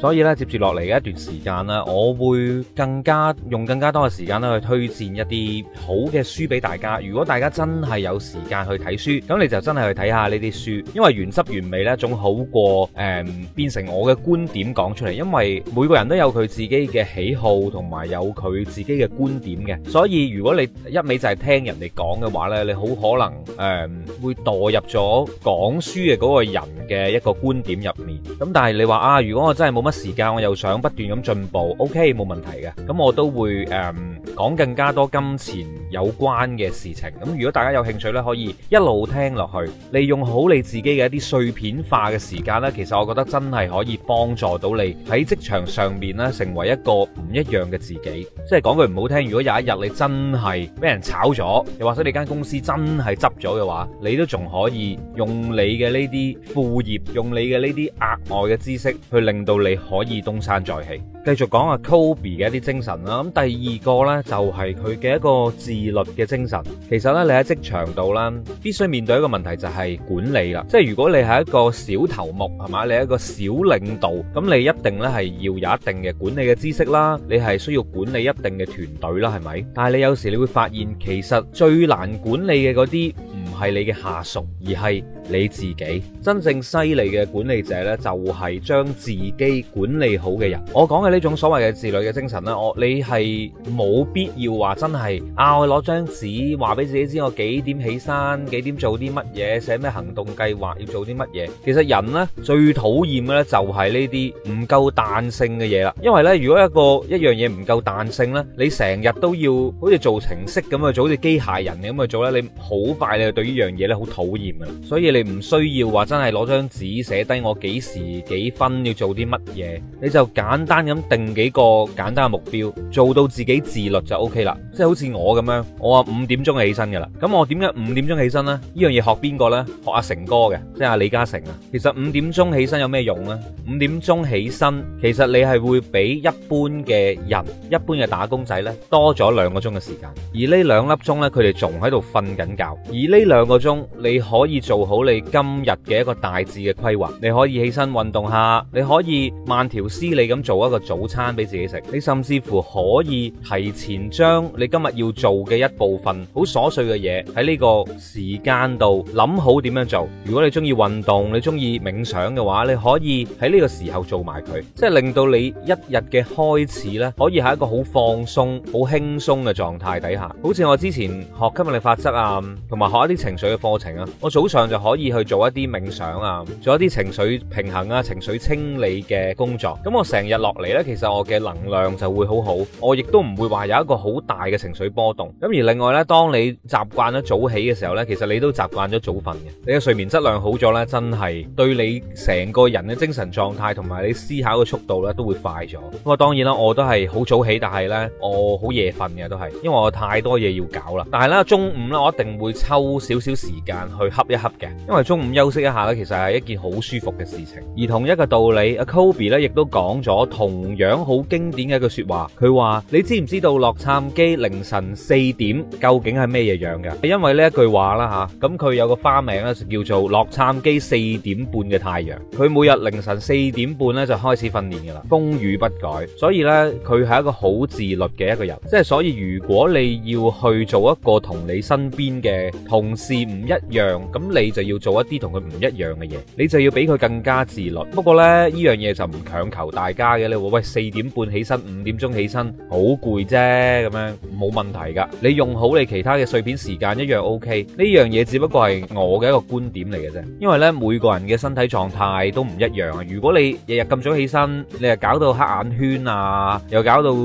所以咧，接住落嚟嘅一段時間呢，我會更加用更加多嘅時間咧去推薦一啲好嘅書俾大家。如果大家真係有時間去睇書，咁你就真係去睇下呢啲書，因為原汁原味咧總好過誒、呃、變成我嘅觀點講出嚟。因為每個人都有佢自己嘅喜好同埋有佢自己嘅觀點嘅，所以如果你一味就係聽人哋講嘅話呢，你好可能誒、呃、會墮入咗講書嘅嗰個人嘅一個觀點入面。咁但係你話啊，如果我真係冇乜～時間我又想不斷咁進步，OK 冇問題嘅。咁我都會誒、呃、講更加多金錢有關嘅事情。咁如果大家有興趣呢，可以一路聽落去，利用好你自己嘅一啲碎片化嘅時間呢，其實我覺得真係可以幫助到你喺職場上面呢，成為一個唔一樣嘅自己。即係講句唔好聽，如果有一日你真係俾人炒咗，又或者你間公司真係執咗嘅話，你都仲可以用你嘅呢啲副業，用你嘅呢啲額外嘅知識去令到你，可以東山再起。繼續講下 Kobe 嘅一啲精神啦，咁第二個呢，就係佢嘅一個自律嘅精神。其實呢，你喺職場度啦，必須面對一個問題就係管理啦，即係如果你係一個小頭目係嘛，你係一個小領導，咁你一定呢係要有一定嘅管理嘅知識啦，你係需要管理一定嘅團隊啦，係咪？但係你有時你會發現，其實最難管理嘅嗰啲唔係你嘅下屬，而係你自己。真正犀利嘅管理者呢，就係將自己管理好嘅人。我講嘅呢？種所謂嘅自律嘅精神咧，我你係冇必要話真係啊，我攞張紙話俾自己知我幾點起身，幾點做啲乜嘢，寫咩行動計劃要做啲乜嘢。其實人咧最討厭嘅咧就係呢啲唔夠彈性嘅嘢啦。因為咧如果一個一樣嘢唔夠彈性咧，你成日都要好似做程式咁去做，好似機械人咁去做咧，你好快你就對呢樣嘢咧好討厭噶啦。所以你唔需要話真係攞張紙寫低我幾時幾分要做啲乜嘢，你就簡單咁。定幾個簡單嘅目標，做到自己自律就 OK 啦。即係好似我咁樣，我啊五點鐘起身噶啦咁我點解五點鐘起身呢？呢樣嘢學邊個呢？學阿成哥嘅，即係阿李嘉誠啊。其實五點鐘起身有咩用呢？五點鐘起身，其實你係會比一般嘅人，一般嘅打工仔呢多咗兩個鐘嘅時間。而呢兩粒鐘呢，佢哋仲喺度瞓緊覺。而呢兩個鐘，你可以做好你今日嘅一個大致嘅規劃。你可以起身運動下，你可以慢條斯理咁做一個。早餐俾自己食，你甚至乎可以提前將你今日要做嘅一部分好瑣碎嘅嘢喺呢個時間度諗好點樣做。如果你中意運動，你中意冥想嘅話，你可以喺呢個時候做埋佢，即係令到你一日嘅開始咧，可以喺一個好放鬆、好輕鬆嘅狀態底下。好似我之前學吸引力法則啊，同埋學一啲情緒嘅課程啊，我早上就可以去做一啲冥想啊，做一啲情緒平衡啊、情緒清理嘅工作。咁我成日落嚟咧。其實我嘅能量就會好好，我亦都唔會話有一個好大嘅情緒波動。咁而另外呢，當你習慣咗早起嘅時候呢，其實你都習慣咗早瞓嘅。你嘅睡眠質量好咗呢，真係對你成個人嘅精神狀態同埋你思考嘅速度呢都會快咗。不過當然啦，我都係好早起，但係呢，我好夜瞓嘅都係，因為我太多嘢要搞啦。但係咧中午呢，我一定會抽少少時間去恰一恰嘅，因為中午休息一下呢，其實係一件好舒服嘅事情。而同一個道理，阿 Kobe 咧亦都講咗同。同樣好經典嘅一句說話，佢話：你知唔知道洛杉磯凌晨四點究竟係咩嘢樣嘅？因為呢一句話啦吓，咁佢有個花名咧，就叫做洛杉磯四點半嘅太陽。佢每日凌晨四點半咧就開始訓練噶啦，風雨不改。所以咧，佢係一個好自律嘅一個人。即係所以，如果你要去做一個同你身邊嘅同事唔一樣，咁你就要做一啲同佢唔一樣嘅嘢，你就要比佢更加自律。不過咧，呢樣嘢就唔強求大家嘅。你話四點半起身，五點鐘起身，好攰啫，咁樣冇問題噶。你用好你其他嘅碎片時間，一樣 OK。呢樣嘢只不過係我嘅一個觀點嚟嘅啫。因為呢，每個人嘅身體狀態都唔一樣啊。如果你日日咁早起身，你又搞到黑眼圈啊，又搞到好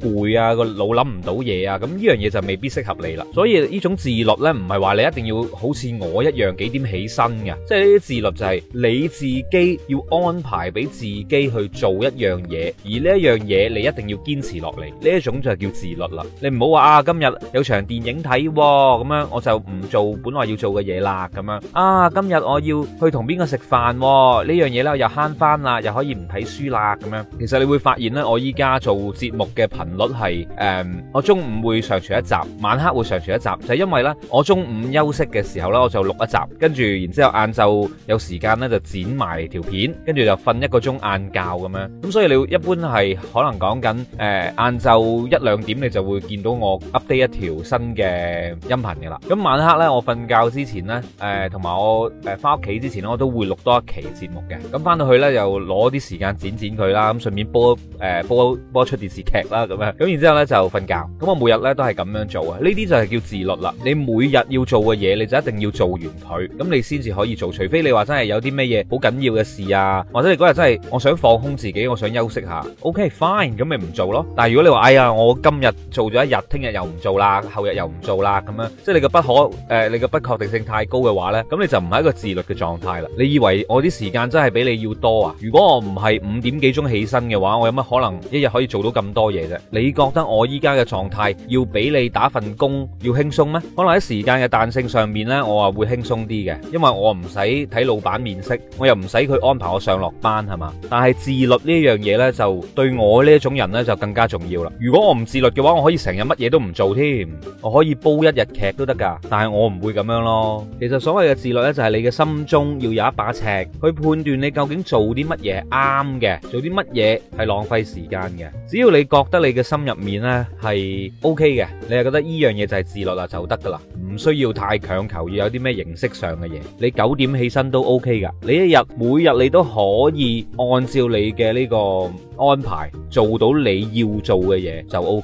攰啊，個腦諗唔到嘢啊，咁呢樣嘢就未必適合你啦。所以呢種自律呢，唔係話你一定要好似我一樣幾點起身嘅，即係呢啲自律就係你自己要安排俾自己去做一樣嘢。而呢一樣嘢，你一定要堅持落嚟，呢一種就係叫自律啦。你唔好話啊，今日有場電影睇喎，咁、哦、樣我就唔做本來要做嘅嘢啦。咁樣啊，今日我要去同邊個食飯喎？哦、樣呢樣嘢咧我又慳翻啦，又可以唔睇書啦。咁樣其實你會發現呢，我依家做節目嘅頻率係誒、嗯，我中午會上傳一集，晚黑會上傳一集，就係、是、因為呢，我中午休息嘅時候呢，我就錄一集，跟住然之後晏晝有時間呢，就剪埋條片，跟住就瞓一個鐘晏覺咁樣。咁所以你一一般係可能講緊誒，晏、呃、晝一兩點你就會見到我 update 一條新嘅音頻嘅啦。咁晚黑咧，我瞓覺之前咧，誒、呃，同埋我誒翻屋企之前咧，我都會錄多一期節目嘅。咁翻到去咧，又攞啲時間剪剪佢啦，咁順便播誒、呃、播播出電視劇啦，咁樣。咁然之後咧就瞓覺。咁我每日咧都係咁樣做啊。呢啲就係叫自律啦。你每日要做嘅嘢，你就一定要做完佢，咁你先至可以做。除非你話真係有啲咩嘢好緊要嘅事啊，或者你嗰日真係我想放空自己，我想休息下。O.K. fine，咁咪唔做咯。但係如果你話，哎呀，我今日做咗一日，聽日又唔做啦，後日又唔做啦，咁樣，即係你個不可誒、呃，你個不確定性太高嘅話呢，咁你就唔係一個自律嘅狀態啦。你以為我啲時間真係比你要多啊？如果我唔係五點幾鐘起身嘅話，我有乜可能一日可以做到咁多嘢啫？你覺得我依家嘅狀態要比你打份工要輕鬆咩？可能喺時間嘅彈性上面呢，我話會輕鬆啲嘅，因為我唔使睇老闆面色，我又唔使佢安排我上落班係嘛。但係自律呢樣嘢呢。就對我呢種人呢，就更加重要啦。如果我唔自律嘅話，我可以成日乜嘢都唔做添，我可以煲一日劇都得噶。但係我唔會咁樣咯。其實所謂嘅自律呢，就係你嘅心中要有一把尺，去判斷你究竟做啲乜嘢係啱嘅，做啲乜嘢係浪費時間嘅。只要你覺得你嘅心入面呢係 OK 嘅，你係覺得呢樣嘢就係自律啦，就得噶啦，唔需要太強求要有啲咩形式上嘅嘢。你九點起身都 OK 噶，你一日每日你都可以按照你嘅呢個。安排，做到你要做嘅嘢就 O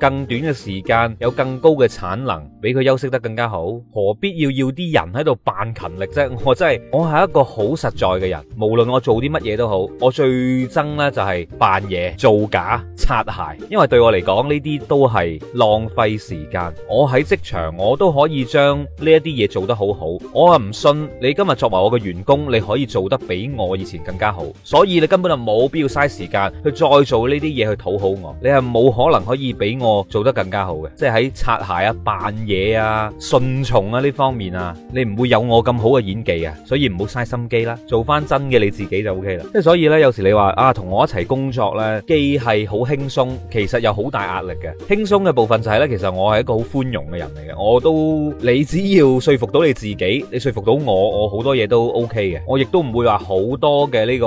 更短嘅時間有更高嘅產能，俾佢休息得更加好，何必要要啲人喺度扮勤力啫？我真係，我係一個好實在嘅人，無論我做啲乜嘢都好，我最憎呢就係扮嘢、做假、擦鞋，因為對我嚟講呢啲都係浪費時間。我喺職場，我都可以將呢一啲嘢做得好好，我係唔信你今日作為我嘅員工，你可以做得比我以前更加好，所以你根本就冇必要嘥時間去再做呢啲嘢去討好我，你係冇可能可以俾。我做得更加好嘅，即係喺擦鞋啊、扮嘢啊、順從啊呢方面啊，你唔會有我咁好嘅演技啊，所以唔好嘥心機啦，做翻真嘅你自己就 OK 啦。即係所以咧，有時你話啊，同我一齊工作咧，既係好輕鬆，其實又好大壓力嘅。輕鬆嘅部分就係咧，其實我係一個好寬容嘅人嚟嘅，我都你只要說服到你自己，你說服到我，我好多嘢都 OK 嘅，我亦都唔會話好多嘅呢個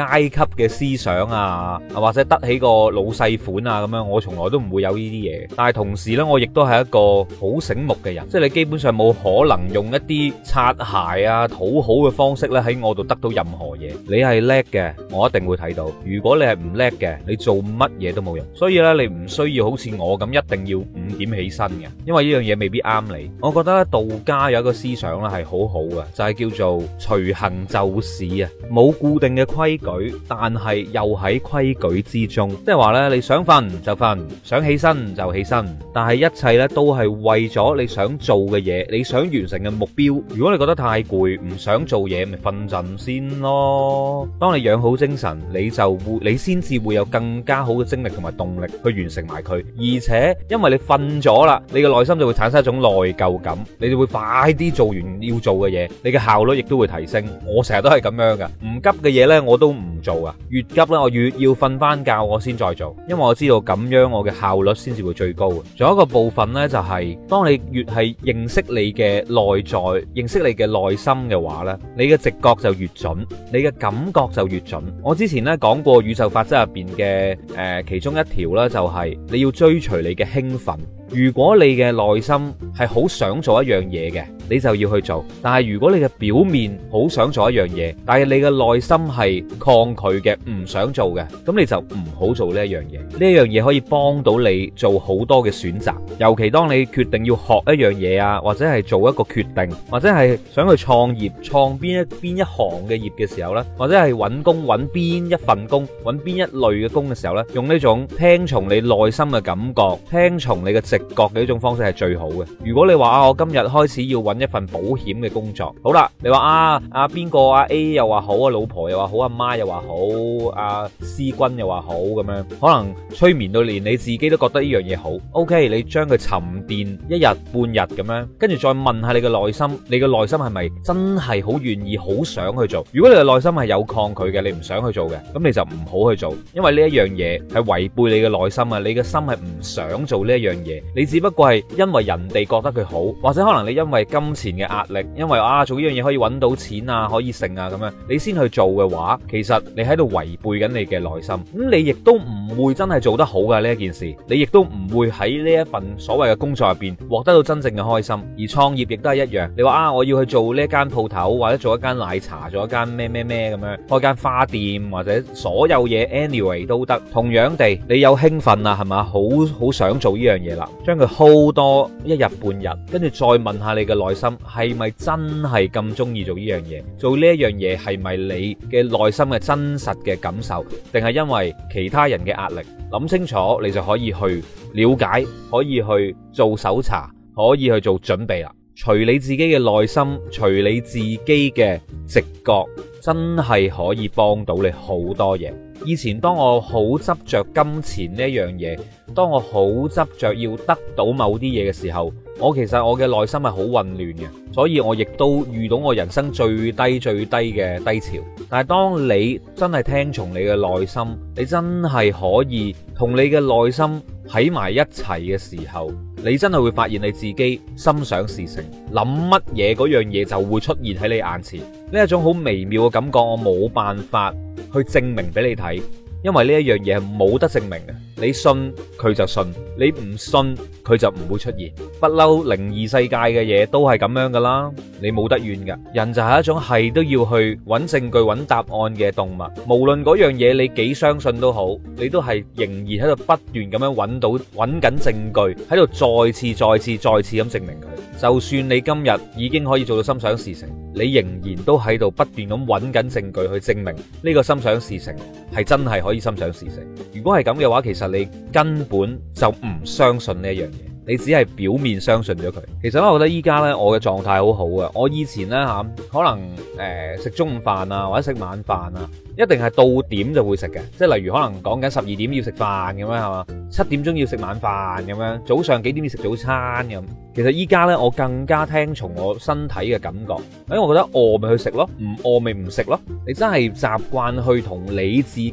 階級嘅思想啊，或者得起個老細款啊咁樣，我從來都唔會。有呢啲嘢，但係同時咧，我亦都係一個好醒目嘅人，即係你基本上冇可能用一啲擦鞋啊、討好嘅方式咧喺我度得到任何嘢。你係叻嘅，我一定會睇到；如果你係唔叻嘅，你做乜嘢都冇用。所以咧，你唔需要好似我咁一定要五點起身嘅，因為呢樣嘢未必啱你。我覺得咧，道家有一個思想咧係好好嘅，就係叫做隨行就市啊，冇固定嘅規矩，但係又喺規矩之中，即係話咧，你想瞓就瞓，想起。起身就起身，但係一切咧都係為咗你想做嘅嘢，你想完成嘅目標。如果你覺得太攰唔想做嘢，咪瞓陣先咯。當你養好精神，你就會你先至會有更加好嘅精力同埋動力去完成埋佢。而且因為你瞓咗啦，你嘅內心就會產生一種內疚感，你就會快啲做完要做嘅嘢，你嘅效率亦都會提升。我成日都係咁樣噶，唔急嘅嘢咧我都唔做啊，越急咧我越要瞓翻覺我先再做，因為我知道咁樣我嘅效。效率先至會最高嘅。仲有一個部分呢，就係、是、當你越係認識你嘅內在，認識你嘅內心嘅話呢，你嘅直覺就越準，你嘅感覺就越準。我之前呢講過宇宙法則入邊嘅誒，其中一條呢，就係、是、你要追隨你嘅興奮。如果你嘅內心係好想做一樣嘢嘅，你就要去做。但係如果你嘅表面好想做一樣嘢，但係你嘅內心係抗拒嘅，唔想做嘅，咁你就唔好做呢一樣嘢。呢一樣嘢可以幫到你做好多嘅選擇，尤其當你決定要學一樣嘢啊，或者係做一個決定，或者係想去創業，創邊一邊一行嘅業嘅時候呢，或者係揾工揾邊一份工，揾邊一類嘅工嘅時候呢，用呢種聽從你內心嘅感覺，聽從你嘅直。各嘅一種方式係最好嘅。如果你話啊，我今日開始要揾一份保險嘅工作，好啦，你話啊，阿、啊、邊個阿、啊、A 又話好啊，老婆又話好，阿、啊、媽又話好，阿、啊、思君又話好咁樣，可能催眠到連你自己都覺得呢樣嘢好。OK，你將佢沉澱一日半日咁樣，跟住再問下你嘅內心，你嘅內心係咪真係好願意、好想去做？如果你嘅內心係有抗拒嘅，你唔想去做嘅，咁你就唔好去做，因為呢一樣嘢係違背你嘅內心啊，你嘅心係唔想做呢一樣嘢。你只不過係因為人哋覺得佢好，或者可能你因為金錢嘅壓力，因為啊做呢樣嘢可以揾到錢啊，可以成啊咁樣，你先去做嘅話，其實你喺度違背緊你嘅內心，咁、嗯、你亦都唔會真係做得好嘅呢一件事，你亦都唔會喺呢一份所謂嘅工作入邊獲得到真正嘅開心。而創業亦都係一樣，你話啊我要去做呢間鋪頭，或者做一間奶茶，做一間咩咩咩咁樣，開間花店或者所有嘢 anyway 都得。同樣地，你有興奮啊，係咪？好好想做呢樣嘢啦。將佢 hold 多一日半日，跟住再問下你嘅內心係咪真係咁中意做呢樣嘢？做呢一樣嘢係咪你嘅內心嘅真實嘅感受？定係因為其他人嘅壓力？諗清楚，你就可以去了解，可以去做搜查，可以去做準備啦。隨你自己嘅內心，隨你自己嘅直覺，真係可以幫到你好多嘢。以前當我好執著金錢呢樣嘢，當我好執著要得到某啲嘢嘅時候，我其實我嘅內心係好混亂嘅，所以我亦都遇到我人生最低最低嘅低潮。但係當你真係聽從你嘅內心，你真係可以同你嘅內心喺埋一齊嘅時候，你真係會發現你自己心想事成，諗乜嘢嗰樣嘢就會出現喺你眼前。呢一種好微妙嘅感覺，我冇辦法去證明俾你睇，因為呢一樣嘢係冇得證明嘅。你信，佢就信，你唔信佢就唔會出現。不嬲，靈異世界嘅嘢都係咁樣噶啦。你冇得怨噶，人就係一種係都要去揾證據、揾答案嘅動物。無論嗰樣嘢你幾相信都好，你都係仍然喺度不斷咁樣揾到、揾緊證據，喺度再次、再次、再次咁證明佢。就算你今日已經可以做到心想事成，你仍然都喺度不斷咁揾緊證據去證明呢個心想事成係真係可以心想事成。如果係咁嘅話，其實你根本就唔相信呢樣嘢。你只係表面相信咗佢，其實我覺得依家呢，我嘅狀態好好啊！我以前呢，嚇，可能誒食、呃、中午飯啊，或者食晚飯啊。一定係到點就會食嘅，即係例如可能講緊十二點要食飯咁樣係嘛，七點鐘要食晚飯咁樣，早上幾點要食早餐咁。其實依家呢，我更加聽從我身體嘅感覺，因為我覺得餓咪去食咯，唔餓咪唔食咯。你真係習慣去同你自己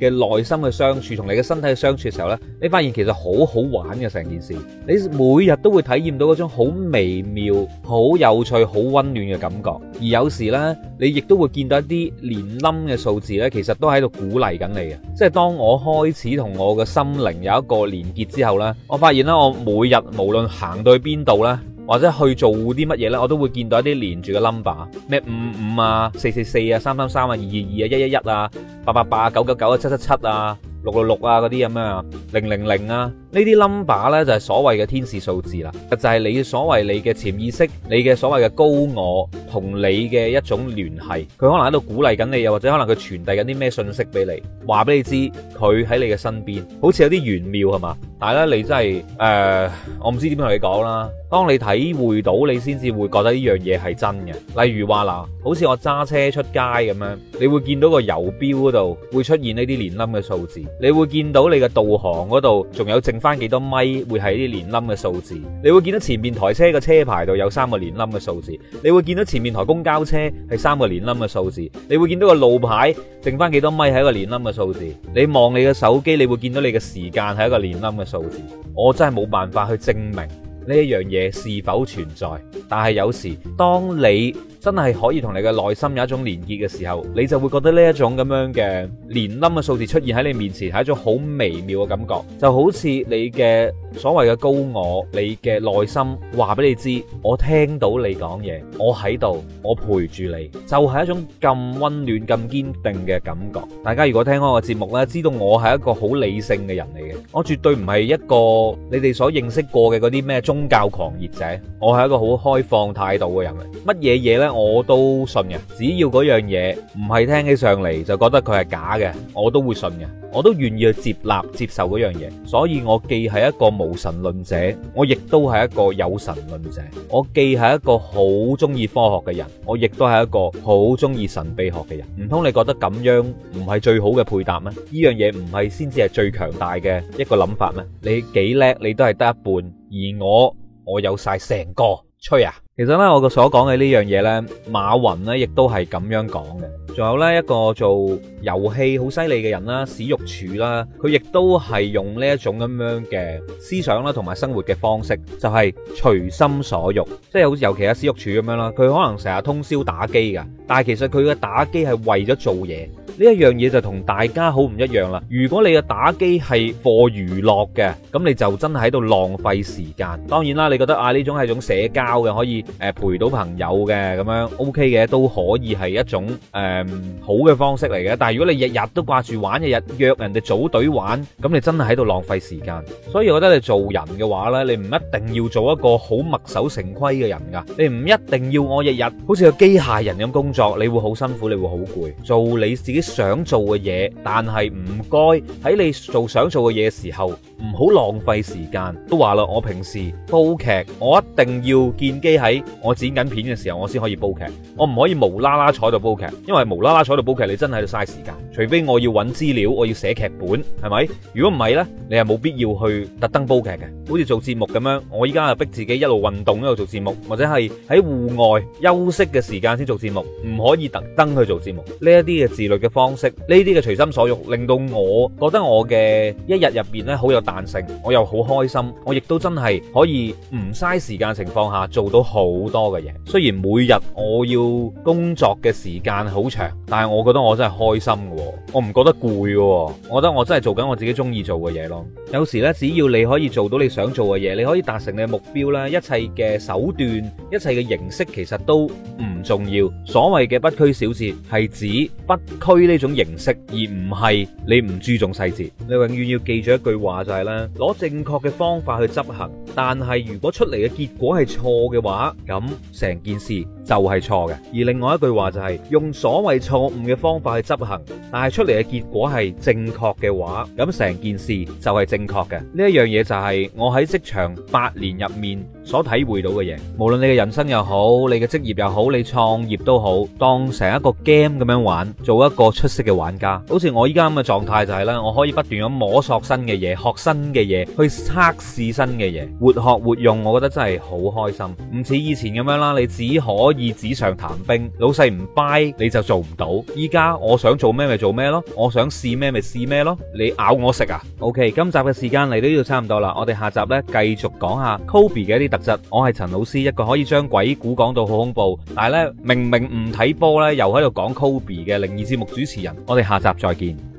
嘅內心嘅相處，同你嘅身體嘅相處嘅時候呢，你發現其實好好玩嘅成件事，你每日都會體驗到嗰種好微妙、好有趣、好溫暖嘅感覺。而有時呢，你亦都會見到一啲連冧嘅數字。時咧，其實都喺度鼓勵緊你嘅，即係當我開始同我嘅心靈有一個連結之後，呢我發現咧，我每日無論行到去邊度呢，或者去做啲乜嘢呢，我都會見到一啲連住嘅 number，咩五五啊、四四四啊、三三三啊、二二二啊、一一一啊、八八八啊、九九九啊、七七七啊。六六六啊，嗰啲咁啊，零零零啊，呢啲 number 咧就係、是、所謂嘅天使數字啦，就係、是、你所謂你嘅潛意識，你嘅所謂嘅高我同你嘅一種聯繫，佢可能喺度鼓勵緊你，又或者可能佢傳遞緊啲咩信息俾你，話俾你知佢喺你嘅身邊，好似有啲玄妙係嘛，但係咧你真係誒、呃，我唔知點同你講啦。當你體會到，你先至會覺得呢樣嘢係真嘅。例如話嗱，好似我揸車出街咁樣，你會見到個游標嗰度會出現呢啲連冧嘅數字。你會見到你嘅導航嗰度仲有剩翻幾多米，會係啲連冧嘅數字。你會見到前面台車嘅車牌度有三個連冧嘅數字，你會見到前面台公交車係三個連冧嘅數字，你會見到個路牌剩翻幾多米係一個連冧嘅數字。你望你嘅手機，你會見到你嘅時間係一個連冧嘅數字。我真係冇辦法去證明呢一樣嘢是否存在，但係有時當你。真係可以同你嘅內心有一種連結嘅時候，你就會覺得呢一種咁樣嘅連冧嘅數字出現喺你面前，係一種好微妙嘅感覺，就好似你嘅。所謂嘅高我，你嘅內心話俾你知，我聽到你講嘢，我喺度，我陪住你，就係一種咁溫暖、咁堅定嘅感覺。大家如果聽開我節目呢，知道我係一個好理性嘅人嚟嘅，我絕對唔係一個你哋所認識過嘅嗰啲咩宗教狂熱者，我係一個好開放態度嘅人嚟，乜嘢嘢呢我都信嘅，只要嗰樣嘢唔係聽起上嚟就覺得佢係假嘅，我都會信嘅，我都願意去接納、接受嗰樣嘢，所以我既係一個無。無神論者，我亦都係一個有神論者。我既係一個好中意科學嘅人，我亦都係一個好中意神秘學嘅人。唔通你覺得咁樣唔係最好嘅配搭咩？呢樣嘢唔係先至係最強大嘅一個諗法咩？你幾叻，你都係得一半，而我，我有晒成個，吹啊！其實咧，我嘅所講嘅呢樣嘢咧，馬雲咧亦都係咁樣講嘅。仲有呢一個做遊戲好犀利嘅人啦，史玉柱啦，佢亦都係用呢一種咁樣嘅思想啦，同埋生活嘅方式，就係、是、隨心所欲，即係好似尤其阿史玉柱咁樣啦。佢可能成日通宵打機噶，但係其實佢嘅打機係為咗做嘢。呢一,一樣嘢就同大家好唔一樣啦。如果你嘅打機係課娛樂嘅，咁你就真係喺度浪費時間。當然啦，你覺得啊呢種係種社交嘅，可以。誒，陪到朋友嘅咁樣，OK 嘅都可以係一種誒好嘅方式嚟嘅。但係如果你日日都掛住玩，日日約人哋組隊玩，咁你真係喺度浪費時間。所以我覺得你做人嘅話呢，你唔一定要做一個好墨守成規嘅人噶，你唔一定要我日日好似個機械人咁工作，你會好辛苦，你會好攰。做你自己想做嘅嘢，但係唔該喺你做想做嘅嘢嘅時候，唔好浪費時間。都話啦，我平時煲劇，我一定要見機喺。我剪緊片嘅時候，我先可以煲劇。我唔可以無啦啦坐喺度煲劇，因為無啦啦坐喺度煲劇，你真係喺度嘥時間。除非我要揾資料，我要寫劇本，係咪？如果唔係呢，你係冇必要去特登煲劇嘅。好似做節目咁樣，我依家係逼自己一路運動一路做節目，或者係喺戶外休息嘅時間先做節目，唔可以特登去做節目。呢一啲嘅自律嘅方式，呢啲嘅隨心所欲，令到我覺得我嘅一日入邊呢，好有彈性，我又好開心，我亦都真係可以唔嘥時間情況下做到好好多嘅嘢，雖然每日我要工作嘅時間好長，但係我覺得我真係開心嘅，我唔覺得攰，我覺得我真係做緊我自己中意做嘅嘢咯。有時咧，只要你可以做到你想做嘅嘢，你可以達成你嘅目標咧，一切嘅手段、一切嘅形式其實都唔重要。所謂嘅不拘小節，係指不拘呢種形式，而唔係你唔注重細節。你永遠要記住一句話，就係，就係咧，攞正確嘅方法去執行。但係如果出嚟嘅結果係錯嘅話，咁成件事。就係錯嘅，而另外一句話就係用所謂錯誤嘅方法去執行，但係出嚟嘅結果係正確嘅話，咁成件事就係正確嘅。呢一樣嘢就係我喺職場八年入面所體會到嘅嘢。無論你嘅人生又好，你嘅職業又好，你創業都好，當成一個 game 咁樣玩，做一個出色嘅玩家。好似我依家咁嘅狀態就係啦，我可以不斷咁摸索新嘅嘢，學新嘅嘢，去測試新嘅嘢，活學活用，我覺得真係好開心，唔似以前咁樣啦，你只可以紙上談兵，老細唔 buy 你就做唔到。依家我想做咩咪做咩咯，我想試咩咪試咩咯。你咬我食啊？OK，今集嘅時間嚟到呢度差唔多啦，我哋下集呢，繼續講下 Kobe 嘅一啲特質。我係陳老師，一個可以將鬼故講到好恐怖，但係呢，明明唔睇波呢，又喺度講 Kobe 嘅靈異節目主持人。我哋下集再見。